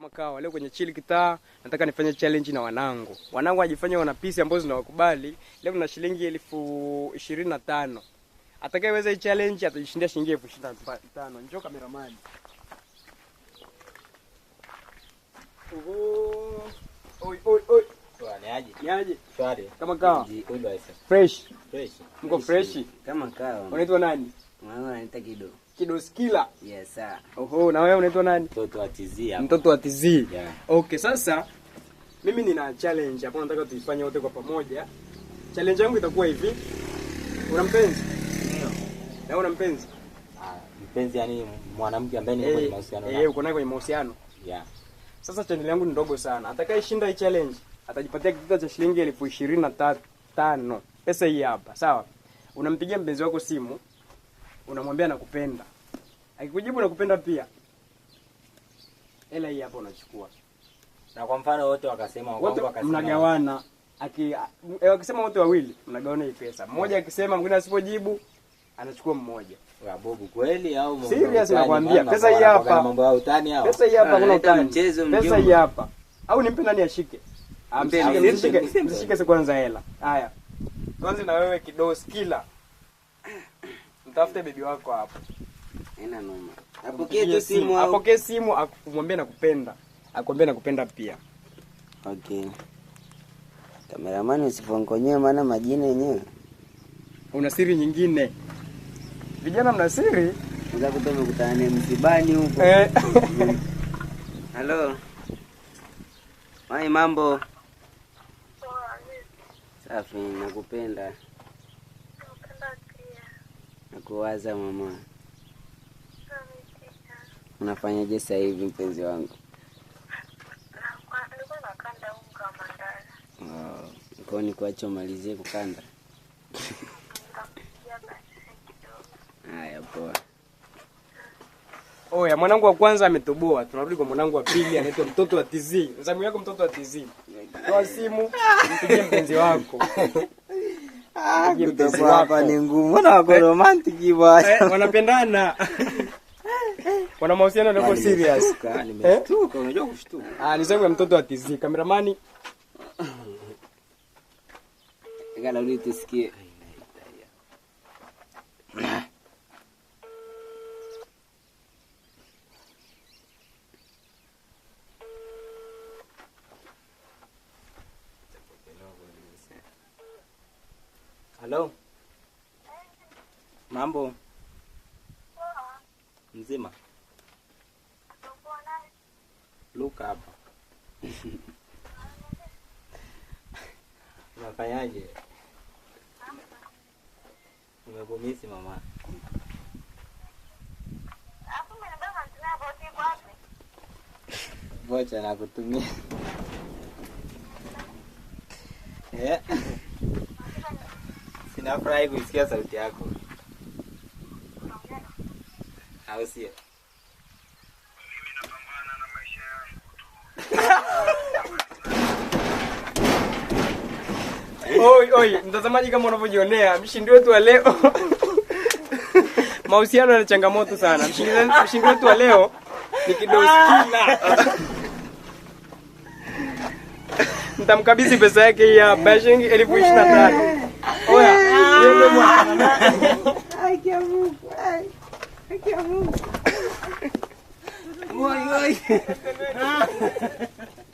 kama kawa leo kwenye chili kitaa, nataka nifanye challenge na wanangu, wanangu wajifanye wana pisi ambazo zinawakubali. Leo na shilingi elfu ishirini na tano atakayeweza hii challenge atajishindia shilingi elfu ishirini na tano Njoo kameramani. Oi, oi, oi. Niaje? Shwari. Kama kawa. Fresh. Fresh. Mko fresh? Kama kawa. Unaitwa nani? Mama anaita Kido. Kido Skila. Yes sir. Oho, na wewe unaitwa nani? Mtoto wa TZ hapa. Mtoto wa TZ. Yeah. Okay, sasa mimi nina challenge hapo nataka tuifanye wote kwa pamoja. Challenge yangu itakuwa hivi. Una mpenzi? Ndio. Na una mpenzi? Ah, mpenzi yani mwanamke ambaye ni kwenye eh, mahusiano. Eh, uko naye kwenye mahusiano? Yeah. Sasa challenge yangu ni ndogo sana. Atakayeshinda hii challenge atajipatia kitita cha shilingi elfu ishirini na tano. Pesa hii hapa, sawa? Unampigia mpenzi wako simu unamwambia nakupenda, akikujibu nakupenda pia, hela hii hapo unachukua. Na kwa mfano wote wakasema, wote mnagawana, aki e, wakisema wote wawili mnagawana hii pesa, mmoja akisema, mwingine asipojibu anachukua mmoja. Bobu kweli au serious? Nakwambia pesa hii hapa, mambo ya utani hao. Pesa hii hapa ah, kuna utani, mchezo mjumbe. Pesa hii hapa au nimpe nani ashike? nishike, ah, nishike kwanza hela. Haya, tuanze na wewe kidosi kila mtafute bebi wako hapo, noma. Apokee tu simu, apokee simu, akumwambie nakupenda, akuambie nakupenda pia. Okay, kameramani, usifongonyewe maana majina yenyewe. Una siri nyingine? Vijana mna siri za kutoka msibani huko. Halo. Eh. Mai, mambo safi, nakupenda kuwaza mama. Unafanyaje sasa hivi mpenzi wangu? Oh, kwa ni kuacha umalizie kukanda. Haya, poa. Oya, mwanangu wa kwanza ametoboa. Tunarudi kwa mwanangu wa pili anaitwa mtoto wa TZ. Mzamiu yako mtoto wa TZ. Toa simu, mpigie mpenzi wako. Ah, kutakuwa hapa ni ngumu. Mbona wako eh, romantic bwana? Eh, wanapendana. Wana mahusiano yako yaani, serious. Eh? Nimeshtuka, unajua kushtuka. Ah, ni mtoto wa TZ, kameramani. Gala ulitisikie. Halo, mambo? Mzima? Luka hapa. Unafanyaje? Umekumisi mama? Vocha nakutumia. yeah. Ninafurahi kuisikia sauti yako, au sio? Oi, oi, mtazamaji, kama unavyojionea mshindi wetu wa leo mahusiano yana changamoto sana. Mshindi wetu wa leo ni Kidoskila. Mtamkabidhi pesa yake ya shilingi elfu ishirini na tano. I can't move. I, can't move. Boy,